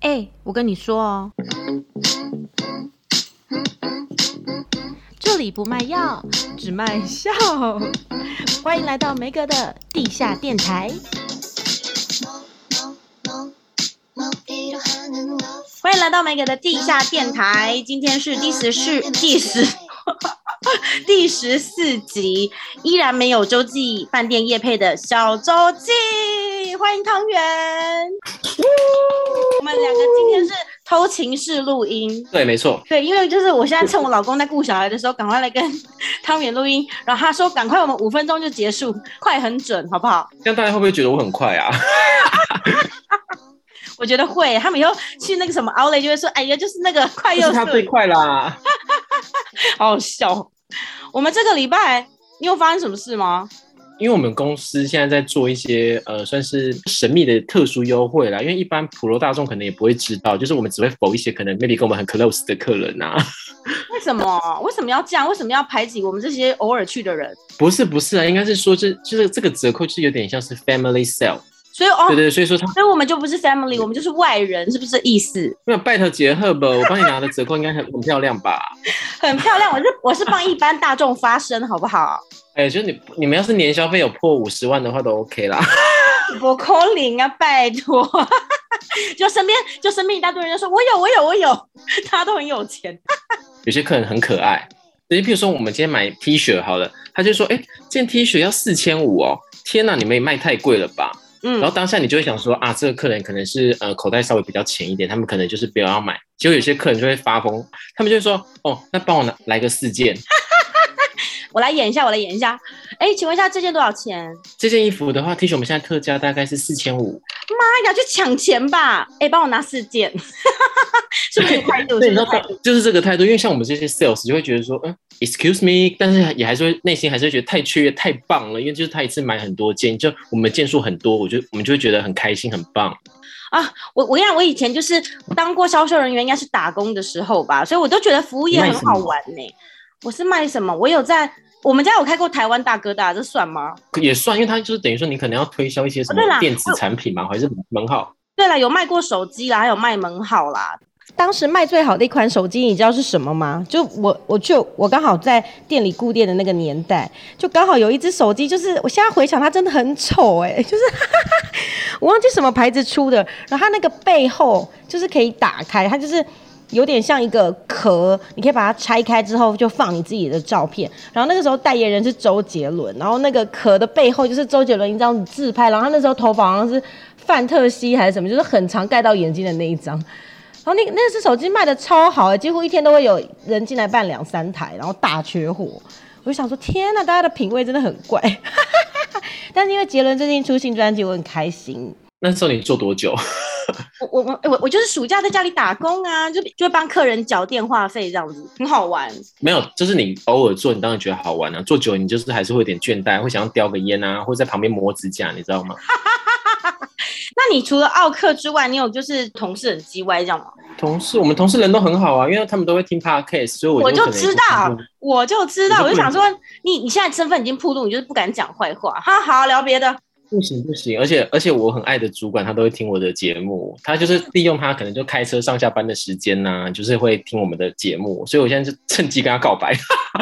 哎，我跟你說哦，這裡不賣藥，只賣笑。歡迎來到梅哥的地下電台。歡迎來到梅哥的地下電台。今天是第十四、第十、第十四集，依然沒有周記飯店業配的小週記。歡迎湯圓，我們兩個今天是偷情式錄音，對，沒錯，對，因為就是我現在趁我老公在顧小孩的時候，趕快來跟湯圓錄音，然後他說趕快，我們五分鐘就結束，快很準，好不好？這樣大家會不會覺得我很快啊？我覺得會，他們以後去那個什麼奧蕾就會說，哎呀，就是那個快又他最快啦，哈哈哈！好好笑。我們這個禮拜你有發生什麼事嗎？因為我們公司現在在做一些呃，算是神秘的特殊優惠啦。因為一般普羅大眾可能也不會知道，就是我們只會否一些可能 maybe 跟我們很 close 的客人吶，啊。為什麼？為什麼要這樣？為什麼要排擠我們這些偶爾去的人？不是不是啊，應該是說這就，就是這個折扣是有點像是 family sale。所以哦，對，對對，所以說他，所以我們就不是 family，我們就是外人，是不是意思？那拜託傑赫吧，我幫你拿的折扣應該很 很漂亮吧？很漂亮，我是我是幫一般大眾發聲， 好不好？哎、欸，就你你們要是年消費有破五十萬的話，都 OK 啦。我空零啊，拜託， 就身邊就身邊一大堆人就說，說我有我有我有，他都很有錢。 有些客人很可愛，所以比如說我們今天買 T 恤好了，他就說，哎、欸，這件 T 恤要四千五哦，天哪、啊，你們也賣太貴了吧？嗯，然後當下你就會想說啊，這個客人可能是呃口袋稍微比較淺一點，他們可能就是不要，要買。結果有些客人就會發瘋，他們就會說哦，那幫我拿來個四件， 我來演一下，我來演一下。哎，請問一下這件多少錢？這件衣服的話，T 恤我們現在特價大概是四千五。媽呀，去搶錢吧！哎，幫我拿四件。 是，是，是，就是這個態度。因為像我們這些 sales 就會覺得說，嗯，excuse me，但是也還是會內心還是會覺得太缺、太棒了。因為就是他一次買很多件，就我們件數很多，我就我們就會覺得很開心、很棒。啊，我我跟你講，我以前就是當過銷售人員，應該是打工的時候吧，所以我都覺得服務業很好玩呢、欸。我是賣什麼？我有在我們家有開過台灣大哥大、啊，這算嗎？也算，因為他就是等於說你可能要推銷一些什麼電子產品嘛，還是門號。對啦，有賣過手機啦，還有賣門號啦。當時賣最好的一款手機，你知道是什麼嗎？就我，我就我剛好在店裡顧店的那個年代，就剛好有一只手機，就是我現在回想，它真的很醜哎、欸，就是 我忘記什麼牌子出的。然後它那個背後就是可以打開，它就是有點像一個殼，你可以把它拆開之後就放你自己的照片。然後那個時候代言人是周杰倫，然後那個殼的背後就是周杰倫一張自拍，然後他那時候頭髮好像是范特西還是什麼，就是很長蓋到眼睛的那一張。然後那那支手機賣的超好哎，幾乎一天都會有人進來辦兩三台，然後大缺貨。我就想說，天哪，大家的品味真的很怪。 但是因為杰倫最近出新專輯，我很開心。那時候你做多久？我我我我就是暑假在家裡打工啊，就就幫客人繳電話費這樣子，很好玩。沒有，就是你偶爾做，你當然覺得好玩啊。做久了你就是還是會有點倦怠，會想要叼個菸啊，或者在旁邊磨指甲，你知道嗎？ 但你除了奧客之外，你有就是同事很嘰歪這樣嗎？同事，我們同事人都很好啊，因為他們都會聽 Podcast，所以我就我就知道，我就知道，我就，我就想說，你你現在身份已經曝露，你就是不敢講壞話。哈，哈，好，聊別的。不行不行，而且而且我很愛的主管，他都會聽我的節目，他就是利用他可能就開車上下班的時間吶、啊，就是會聽我們的節目，所以我現在就趁機跟他告白。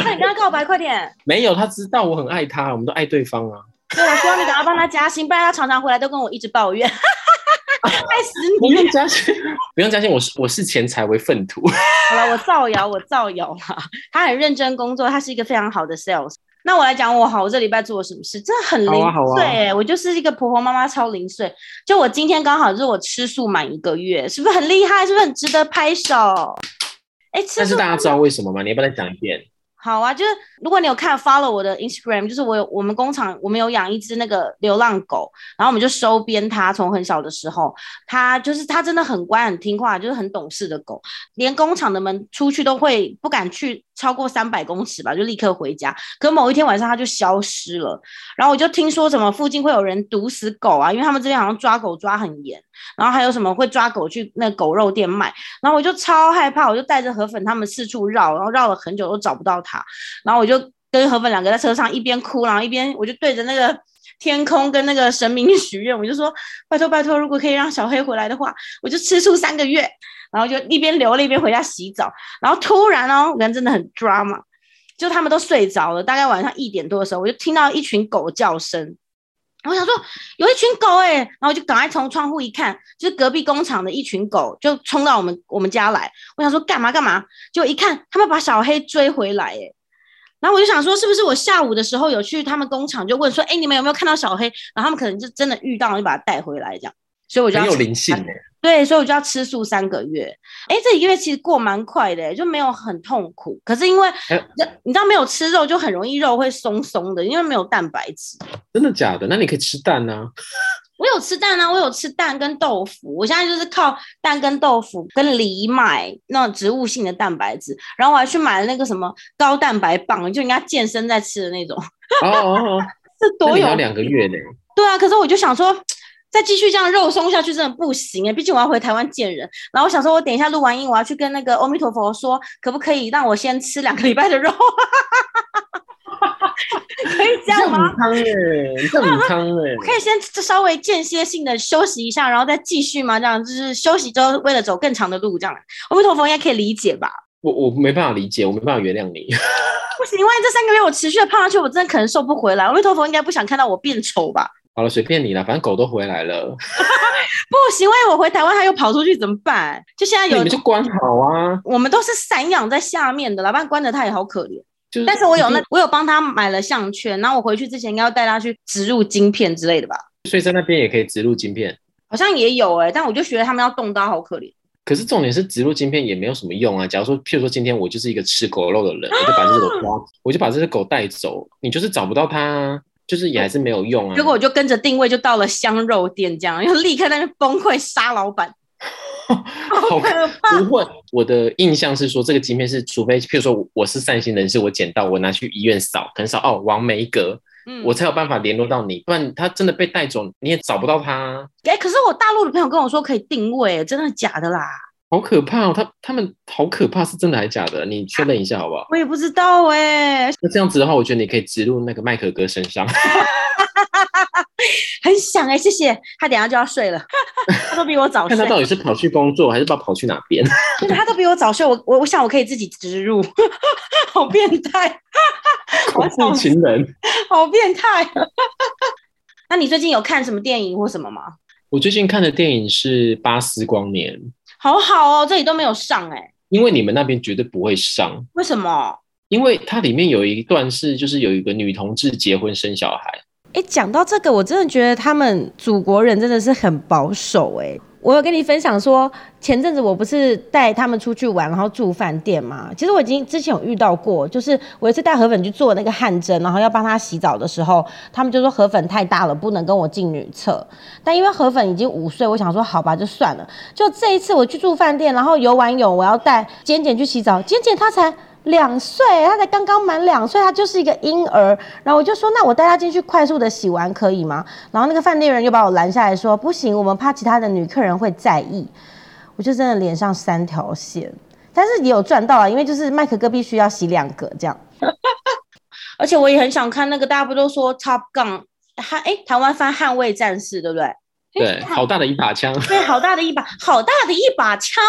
快 你跟他告白快點。沒有，他知道我很愛他，我們都愛對方啊。所以我希望你等下幫他加薪，不然他常常回來都跟我一直抱怨，愛 死你！啊！不用加薪， 不用加薪，我是我視錢財為糞土。好了，我造謠，我造謠啦。他很認真工作，他是一個非常好的 sales。那我來講我好，我這禮拜做了什麼事？真的很零碎，啊啊啊，對我就是一個婆婆媽媽超零碎。就我今天剛好是我吃素滿一個月，是不是很厲害？是不是很值得拍手？哎、欸，吃素但是大家知道為什麼嗎？你要不要再講一遍？好啊，就是如果你有看 follow 我的 Instagram，就是我有我們工廠，我們有養一隻那個流浪狗，然後我們就收編它，從很小的時候，它就是它真的很乖很聽話，就是很懂事的狗，連工廠的門出去都會不敢去。超過三百公尺吧，就立刻回家。可，某一天晚上，它就消失了。然後我就聽說什麼附近會有人毒死狗啊，因為他們這邊好像抓狗抓很嚴。然後還有什麼會抓狗去那狗肉店賣。然後我就超害怕，我就帶着河粉他們四處繞，然後繞了很久都找不到它。然後我就跟河粉兩個在車上一邊哭，然後一邊我就對着那個天空跟那個神明許願，我就說拜托拜托，如果可以讓小黑回來的話，我就吃素三個月。然後就一邊流淚一邊回家洗澡，然後突然哦，人真的很 drama，就他們都睡着了，大概晚上一點多的時候，我就聽到一群狗叫聲，我想說有一群狗哎、欸，然後我就趕快從窗戶一看，就是隔壁工廠的一群狗就衝到我們我們家來，我想說幹嘛幹嘛，就一看他們把小黑追回來哎、欸，然後我就想說是不是我下午的時候有去他們工廠就問說哎、欸、你們有沒有看到小黑，然後他們可能就真的遇到我就把它帶回來這樣，所以我覺得很有靈性哎、欸。對，所以我就要吃素三個月。哎，這一個月其實過蠻快的，就沒有很痛苦。可是因為、欸，你知道沒有吃肉就很容易肉會鬆鬆的，因為沒有蛋白質。真的假的？那你可以吃蛋啊。我有吃蛋啊，我有吃蛋跟豆腐。我現在就是靠蛋跟豆腐跟藜麥那種植物性的蛋白質。然後我還去買了那個什麼高蛋白棒，就人家健身在吃的那種。哦，哦，哦，這 多有？兩個月呢。對啊，可是我就想說。再繼續這樣肉鬆下去真的不行誒！畢竟我要回台灣見人，然後我想說，我等一下錄完音，我要去跟那個阿彌陀佛說，可不可以讓我先吃兩個禮拜的肉？ 可以這樣嗎？健康哎， 可以先稍微間歇性的休息一下，然後再繼續嗎？這樣就是休息之後為了走更長的路，這樣阿彌陀佛應該可以理解吧？我我沒辦法理解，我沒辦法原諒你。不行，萬一這三個月我持續的胖下去，我真的可能瘦不回來。阿彌陀佛應該不想看到我變醜吧？好了，隨便你了，反正狗都回來了。 不行，萬一我回台灣，它又跑出去怎麼辦？就現在有你們就關好啊！我們都是散養在下面的，要不然關着它也好可憐。就是，但是我有那我有幫它買了項圈，然後我回去之前應該要帶它去植入晶片之類的吧？所以在那邊也可以植入晶片，好像也有誒、欸。但我就覺得他們要動刀好可憐。可是重點是植入晶片也沒有什麼用啊！假如說，譬如說今天我就是一個吃狗肉的人，啊、我就把這個狗，我就把這只狗帶走，你就是找不到它、啊。就是也還是沒有用啊！哦、結果我就跟着定位就到了香肉店，這樣要立刻在那崩潰殺老板， 好可怕！不會，我的印象是說這個芯片是，除非譬如說我是善心人士，我撿到我拿去醫院掃，可能掃哦，王梅格，嗯，我才有辦法聯絡到你，不然他真的被帶走你也找不到他、啊。哎、欸，可是我大陸的朋友跟我說可以定位、欸，真的假的啦？好可怕、哦！他他們好可怕，是真的還是假的？你確認一下好不好？啊、我也不知道哎、欸。那這樣子的話，我覺得你可以植入那個麥克哥身上。 很想哎、欸，謝謝他，等一下就要睡了。 他都比我早睡。 看他到底是跑去工作，還是不知道跑去哪邊？ 他都比我早睡。我我我想我可以自己植入。 好變態態！恐怖 情人。 好變態態！ 那你最近有看什麼電影或什麼嗎？我最近看的電影是《巴斯光年》。好好哦，這裡都沒有上欸，因為你們那邊絕對不會上，為什麼？因為它裡面有一段是，就是有一個女同志結婚生小孩，欸，講到這個，我真的覺得他們祖國人真的是很保守欸。我有跟你分享說，前陣子我不是帶他們出去玩，然後住飯店嘛。其實我已經之前有遇到過，就是我一次帶河粉去做那個汗蒸，然後要幫他洗澡的時候，他們就說河粉太大了，不能跟我進女廁。但因為河粉已經五歲，我想說好吧，就算了。就這一次我去住飯店，然後游完泳，我要帶簡簡去洗澡，簡簡他才。兩歲，他才剛剛滿兩歲，他就是一個嬰兒。然後我就說，那我帶他進去快速的洗完可以嗎？然後那個飯店人又把我攔下來說，不行，我們怕其他的女客人會在意。我就真的臉上三條線，但是也有賺到啊，因為就是麥克哥必須要洗兩個這樣。 而且我也很想看那個，大家不都說《Top Gun》漢誒，台灣翻《捍衛戰士》對不對？對，好大的一把槍。嗯，對，好大的一把，好大的一把槍！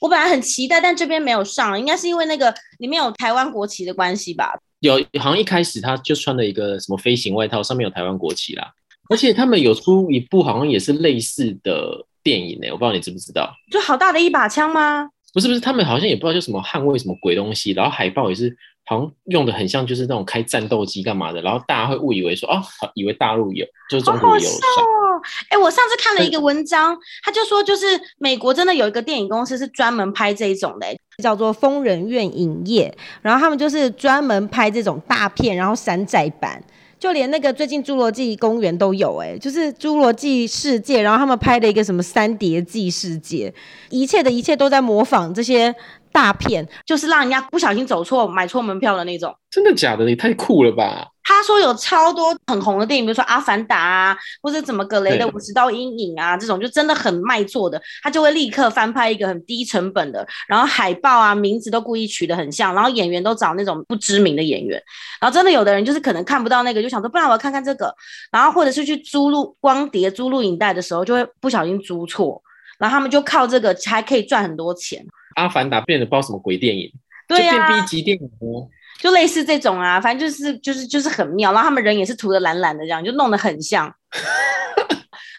我本來很期待，但這邊沒有上，應該是因為那個裡面有台灣國旗的關係吧？有，好像一開始他就穿了一個什麼飛行外套，上面有台灣國旗啦。而且他們有出一部好像也是類似的電影呢，欸，我不知道你知不知道？就好大的一把槍嗎？不是不是，他們好像也不知道叫什麼捍衛什麼鬼東西，然後海報也是好像用的很像，就是那種開戰鬥機幹嘛的，然後大家會誤以為說哦，以為大陸有，就是中國有上。好好哎、欸，我上次看了一個文章，他就說，就是美國真的有一個電影公司是專門拍這種的、欸，叫做瘋人院影業，然後他們就是專門拍這種大片，然後山寨版，就連那個最近《侏羅紀公園》都有、欸，哎，就是《侏羅紀世界》，然後他們拍的一個什麼《三疊紀世界》，一切的一切都在模仿這些。大片就是讓人家不小心走錯、買錯門票的那種，真的假的？你太酷了吧！他說有超多很紅的電影，比如說《阿凡達》啊，或者怎麼《格雷的五十道陰影啊》啊，這種就真的很賣座的，他就會立刻翻拍一個很低成本的，然後海報啊名字都故意取得很像，然後演員都找那種不知名的演員，然後真的有的人就是可能看不到那個，就想說不然我要看看這個，然後或者是去租錄光碟、租錄影帶的時候就會不小心租錯，然後他們就靠這個還可以賺很多錢。阿凡達變得不知道什麼鬼電影，對呀、啊、B 級電影哦，就類似這種啊，反正就是就是就是很妙。然後他們人也是塗的藍藍的，這樣就弄得很像。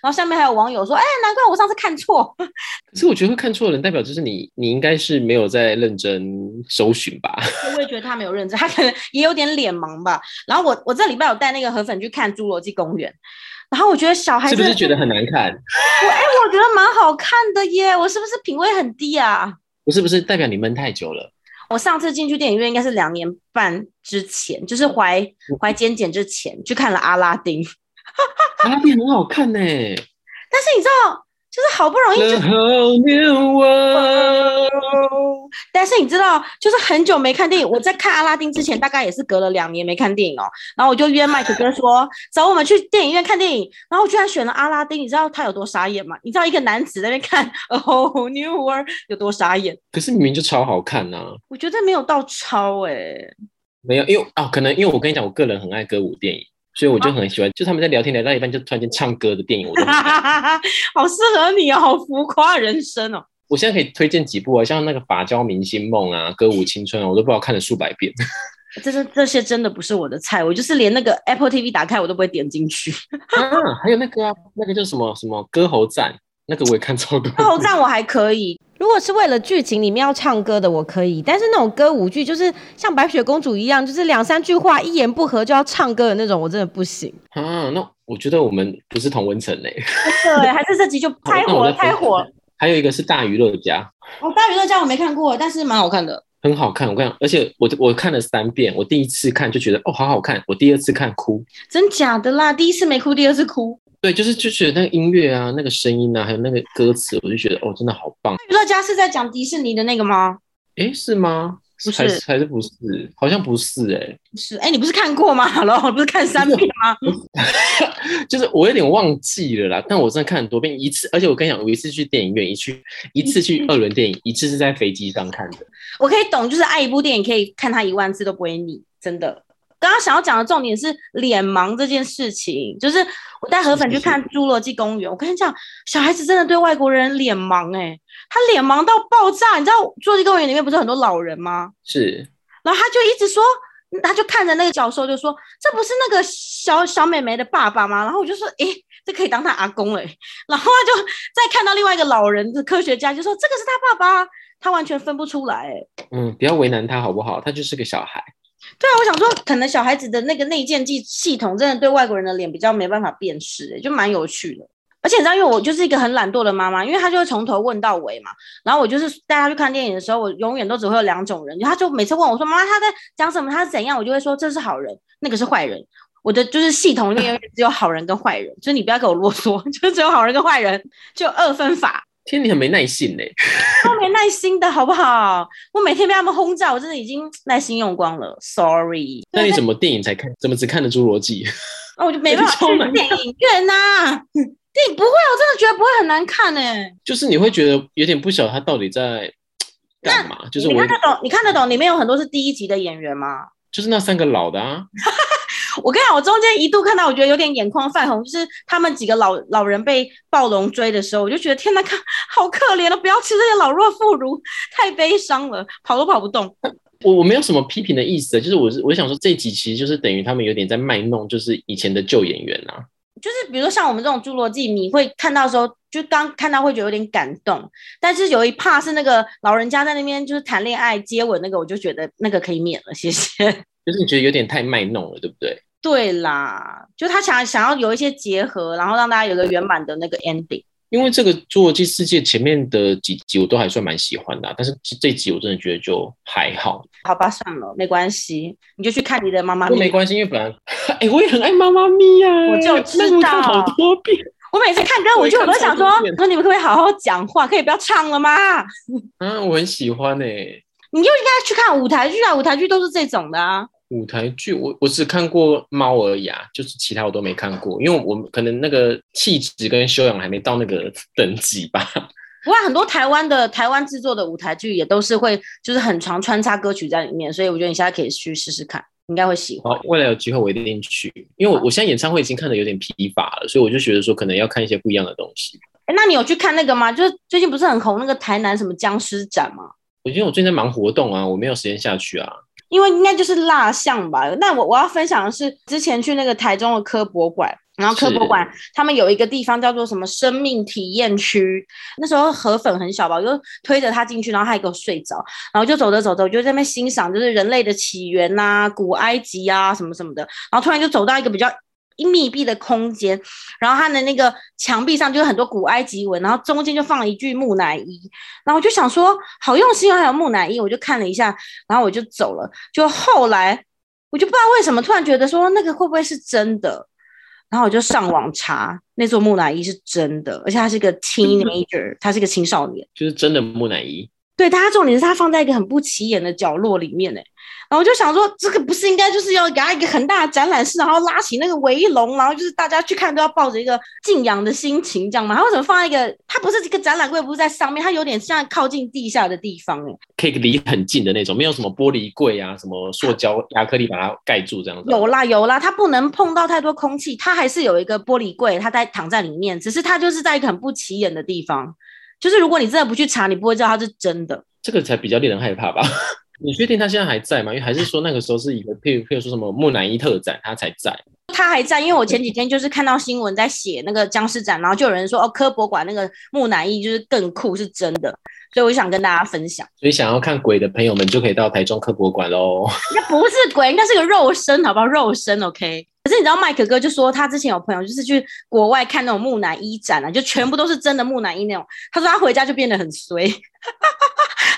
然後下面還有網友說：“哎、欸，難怪我上次看錯。”所以我覺得看錯的人代表就是你，你應該是沒有在認真搜尋吧？我也覺得他沒有認真，他可能也有點臉盲吧。然後我我這禮拜有帶那個河粉去看《侏羅紀公園》，然後我覺得小孩子是不是覺得很難看？我哎、欸，我覺得蠻好看的耶，我是不是品味很低啊？不是不是，代表你悶太久了。我上次進去電影院應該是兩年半之前，就是懷懷堅堅之前去看了《阿拉丁，》 阿拉丁很好看呢、欸。但是你知道？就是好不容易就，但是你知道，就是很久沒看電影。我在看《阿拉丁》之前，大概也是隔了兩年沒看電影哦。然後我就約 Mike 哥說，找我們去電影院看電影。然後我居然選了《阿拉丁》，你知道他有多傻眼嗎？你知道一個男子在那邊看《A Whole New World》有多傻眼？可是明明就超好看吶、啊！我覺得沒有到超誒、欸。沒有，因為啊、哦，可能因為我跟你講，我個人很愛歌舞電影。所以我就很喜歡，就他們在聊天聊到一半，就突然間唱歌的電影我哈哈， 好適合你哦、啊，好浮誇人生哦！我現在可以推薦幾部啊，像那個《髮膠明星夢》啊，《歌舞青春》啊，我都不知道看了數百遍。這些這些真的不是我的菜，我就是連那個 Apple TV 打開我都不會點進去、 啊。還有那個啊，那個叫什麼什麼《歌喉讚》。那個我也看超多，哦，挑戰我還可以。如果是為了劇情裡面要唱歌的，我可以。但是那種歌舞劇，就是像白雪公主一樣，就是兩三句話，一言不合就要唱歌的那種，我真的不行。啊，那我覺得我們不是同溫層嘞。對，還是這集就太火了，太、哦、火了。還有一個是《大娛樂家》，哦，《大娛樂家》我沒看過，但是蠻好看的。很好看，我看，而且我我看了三遍。我第一次看就覺得哦好好看，我第二次看哭。真假的啦，第一次沒哭，第二次哭。對，就是就覺得那個音樂啊，那個聲音啊，還有那個歌詞，我就覺得哦，真的好棒。樂嘉是在講迪士尼的那個嗎？哎，是嗎？是還是還是不是？好像不是哎、欸，是哎，你不是看過嗎？Hello，不是看三遍嗎？是是 就是我有點忘記了啦，但我真的看很多遍一次。而且我跟你講，我一次去電影院，一去一次去二輪電影， 一次是在飛機上看的。我可以懂，就是愛一部電影，可以看它一萬次都不會膩，真的。剛剛想要講的重點是臉盲這件事情，就是我帶河粉去看侏羅紀公園，我跟你講，小孩子真的對外國人臉盲哎、欸，他臉盲到爆炸，你知道侏羅紀公園裡面不是很多老人嗎？是，然後他就一直說，他就看着那個教授就說，這不是那個小小美眉的爸爸嗎？然後我就說，誒、欸，這可以當他阿公誒、欸。然後他就再看到另外一個老人的科學家，就說這個是他爸爸，他完全分不出來、欸、嗯，不要為難他好不好？他就是個小孩。對啊，我想說，可能小孩子的那個內建記系統真的對外國人的臉比較沒辦法辨識、欸，就蠻有趣的。而且你知道，因為我就是一個很懶惰的媽媽，因為她就會從頭問到尾嘛。然後我就是帶她去看電影的時候，我永遠都只會有兩種人，她就每次問我說：“媽媽，她在講什麼？她是怎樣？”我就會說：“這是好人，那個是壞人。”我的就是系統裡面只有好人跟壞人，所以你不要給我囉嗦，就只有好人跟壞人，就二分法。天，你很沒耐心呢。我都沒耐心的好不好？我每天被他們轟炸，我真的已經耐心用光了。Sorry。那你怎麼電影才看？怎麼只看的《侏羅紀》？那我就沒辦法去、欸、電影院吶、啊。電影不會、哦，我真的覺得不會很難看嘞、欸。就是你會覺得有點不曉得他到底在幹嘛，看得懂。就是我你看得懂？你看得懂？裡面有很多是第一集的演員嗎？就是那三個老的啊。 我跟你講，我中間一度看到，我覺得有點眼眶泛紅，就是他們幾個老老人被暴龍追的時候，我就覺得天哪，看好可憐了哦，不要吃這些老弱婦孺，太悲傷了，跑都跑不動。我我沒有什麼批評的意思，就是我是我想說，這幾期就是等於他們有點在賣弄，就是以前的舊演員啊。就是比如說像我們這種侏羅紀，你會看到的時候就剛看到會覺得有點感動，但是有一趴是那個老人家在那邊就是談戀愛接吻那個，我就覺得那個可以免了，謝謝。就是你覺得有點太賣弄了，對不對？對啦，就他想想要有一些結合，然後讓大家有個圓滿的那個 ending。因為這個《侏羅紀世界》前面的幾集我都還算蠻喜歡的，啊，但是這集我真的覺得就還好。好吧，算了，沒關係，你就去看你的媽媽咪。我沒關係，因為本來哎，我也很愛媽媽咪啊、欸。我就知道。看好多遍。我每次看歌我就很多想說：說你們可不可以好好講話，可以不要唱了嗎？嗯，我很喜歡哎、欸。你就應該去看舞台劇啊！舞台劇都是這種的啊。舞台劇，我我只看過貓而已啊，就是其他我都沒看過，因為我可能那個氣質跟修養還沒到那個等級吧。不過很多台灣的台灣製作的舞台劇也都是會，就是很常穿插歌曲在裡面，所以我覺得你現在可以去試試看，應該會喜歡。好，未來有機會我一定去，因為我我現在演唱會已經看得有點疲乏了，所以我就覺得說可能要看一些不一樣的東西。哎、欸，那你有去看那個嗎？就是最近不是很紅那個台南什麼僵屍展嗎？我覺得我最近在忙活動啊，我沒有時間下去啊。因為應該就是蠟像吧。那我我要分享的是，之前去那個台中的科博館，然後科博館他們有一個地方叫做什麼生命體驗區。那時候河粉很小吧，我就推着他進去，然後他還給我睡着，然後就走着走着，我就在那邊欣賞，就是人類的起源啊、古埃及啊什麼什麼的。然後突然就走到一個比較。一密閉的空間，然後它的那個牆壁上就有很多古埃及文，然後中間就放了一具木乃伊，然後我就想說好用心，因為還有木乃伊，我就看了一下，然後我就走了。就後來我就不知道為什麼，突然覺得說那個會不會是真的，然後我就上網查，那座木乃伊是真的，而且他是個 teenager，就是，他是個青少年，就是真的木乃伊。對，大家重點是他放在一個很不起眼的角落裡面，欸，哎，然後我就想說，這個不是應該就是要給它一個很大的展覽室，然後拉起那個圍龍，然後就是大家去看都要抱着一個敬仰的心情，這樣嗎？他為什麼放在一個？他不是這個展覽櫃不是在上面，他有點像靠近地下的地方，欸，哎，可以離很近的那種，沒有什麼玻璃櫃啊，什麼塑膠亞克力把它蓋住這樣子。有啦有啦，它不能碰到太多空氣，它還是有一個玻璃櫃，它在躺在裡面，只是它就是在一個很不起眼的地方。就是如果你真的不去查，你不會知道它是真的。這個才比較令人害怕吧？ 你確定他現在還在嗎？因為還是說那個時候是一個譬如說什麼木乃伊特展，他才在。他還在，因為我前幾天就是看到新聞在寫那個僵屍展，然後就有人說哦，科博館那個木乃伊就是更酷是真的，所以我想跟大家分享。所以想要看鬼的朋友們就可以到台中科博館嘍。 那不是鬼，那是個肉身，好不好？肉身，OK。可是你知道，麥可哥就說他之前有朋友就是去國外看那種木乃伊展啊，就全部都是真的木乃伊那種。他說他回家就變得很衰，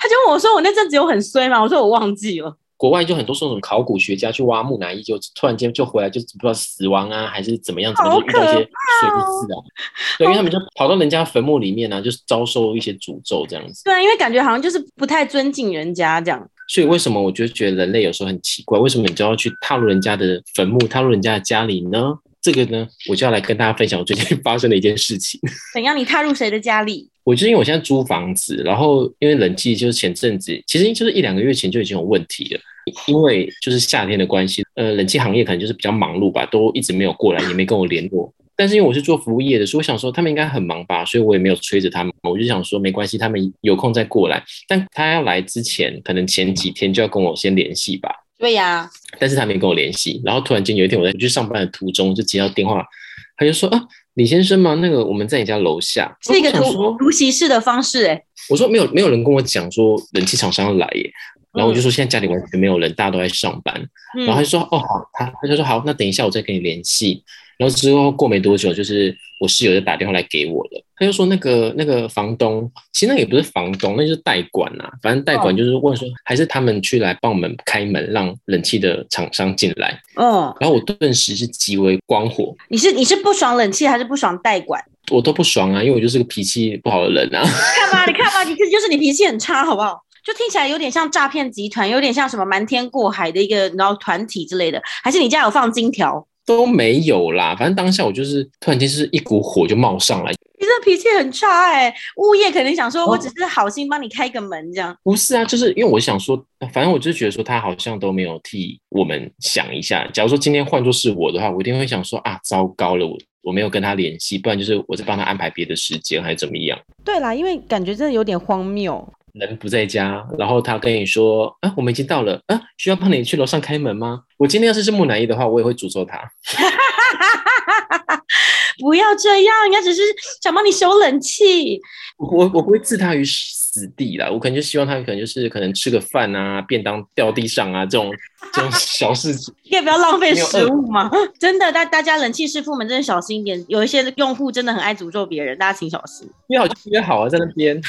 他就問我說：“我那陣子有很衰嗎？”我說：“我忘記了。”國外就很多說那種考古學家去挖木乃伊，就突然間就回來，就不知道死亡啊還是怎麼樣，麼接、哦、遇到一些水蛭啊。對，因為他們就跑到人家墳墓裡面呢、啊，就是遭受一些詛咒這樣子。對啊，因為感覺好像就是不太尊敬人家這樣。所以為什麼我就覺得人類有時候很奇怪？為什麼你就要去踏入人家的墳墓，踏入人家的家裡呢？這個呢，我就要來跟大家分享我最近發生的一件事情。怎樣？你踏入誰的家裡？我就因為我現在租房子，然後因為冷氣就是前陣子，其實就是一兩個月前就已經有問題了。因為就是夏天的關係，呃，冷氣行業可能就是比較忙碌吧，都一直沒有過來，也沒跟我聯絡。但是因為我是做服務業的時候，所以我想說他們應該很忙吧，所以我也沒有催着他們。我就想說沒關係，他們有空再過來。但他要來之前，可能前幾天就要跟我先聯繫吧。對呀、啊。但是他沒跟我聯繫，然後突然間有一天我在去上班的途中就接到電話，他就說、啊：“李先生嗎？那個我們在你家樓下。”那個圖突襲式的方式哎。我說沒有，沒有人跟我講說冷氣廠商要來耶、欸。然後我就說，現在家裡完全沒有人，大家都在上班。然後他就說：“嗯、哦，好。”他他就說：“好，那等一下我再跟你聯繫。”然後之後過沒多久，就是我室友就打電話來給我了。他就說：“那個那個房東，其實那也不是房東，那就是代管啊。反正代管就是問說，還是他們去來幫我們開門，讓冷氣的廠商進來。”哦，然後我頓時是極為光火。你是你是不爽冷氣，還是不爽代管？我都不爽啊，因為我就是個脾氣不好的人啊。看吧，你看吧，你就是你脾氣很差，好不好？就聽起來有點像詐騙集團，有點像什麼瞞天過海的一個然後團體之類的。還是你家有放金條？都沒有啦，反正當下我就是突然間是一股火就冒上來。你這脾氣很差哎，欸！物業肯定想說，我只是好心幫你開個門這樣。哦，不是啊，就是因為我想說，反正我就覺得說他好像都沒有替我們想一下。假如說今天換作是我的話，我一定會想說啊，糟糕了，我我沒有跟他聯繫，不然就是我在幫他安排別的時間還是怎麼樣。對啦，因為感覺真的有點荒謬。人不在家，然後他跟你說：“啊，我們已經到了，啊，需要幫你去樓上開門嗎？”我今天要是是木乃伊的話，我也會詛咒他。 不要這樣，人家只是想幫你收冷氣。我我不會置他於死地啦，我可能就希望他可能就是可能吃個飯啊，便當掉地上啊，這種這種小事。 你也不要浪費食物嘛。真的，大大家冷氣師傅們真的小心一點。有一些用戶真的很愛詛咒別人，大家請小心。約好就約好啊，在那邊。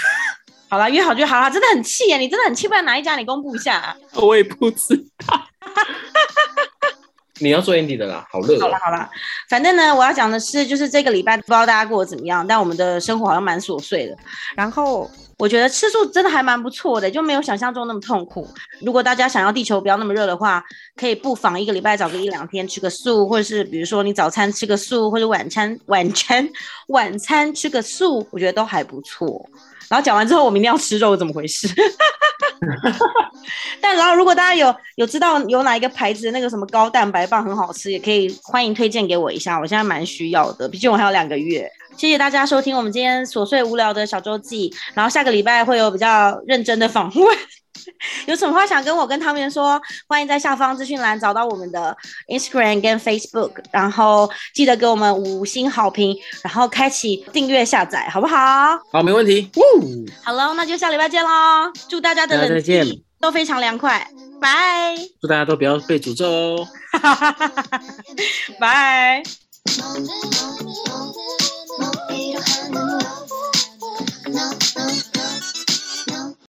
好了，約好就好啦，真的很氣啊，你真的很氣，不知道哪一家？你公布一下啊。我也不知道。 你要做 Andy 的啦，好熱喔。好啦好啦，反正呢，我要講的是，就是這個禮拜不知道大家過得怎麼樣，但我們的生活好像蠻瑣碎的。然後我覺得吃素真的還蠻不錯的，就沒有想象中那麼痛苦。如果大家想要地球不要那麼熱的話，可以不妨一個禮拜找個一兩天吃個素，或者是比如說你早餐吃個素，或者晚餐晚餐晚餐吃個素，我覺得都還不錯。然後講完之後，我明天要吃肉，怎麼回事？ 但然後，如果大家有有知道有哪一個牌子的那個什麼高蛋白棒很好吃，也可以歡迎推薦給我一下，我現在蠻需要的，畢竟我還有兩個月。謝謝大家收聽我們今天瑣碎無聊的小周記，然後下個禮拜會有比較認真的訪問。 有什麼話想跟我跟湯圓說？歡迎在下方資訊欄找到我們的 Instagram 跟 Facebook，然後記得給我們五星好評，然後開啟訂閱下載，好不好？好，沒問題。好咯，Hello, 那就下禮拜見嘍！祝大家的冷氣再見都非常涼快，拜！祝大家都不要被詛咒哦，拜！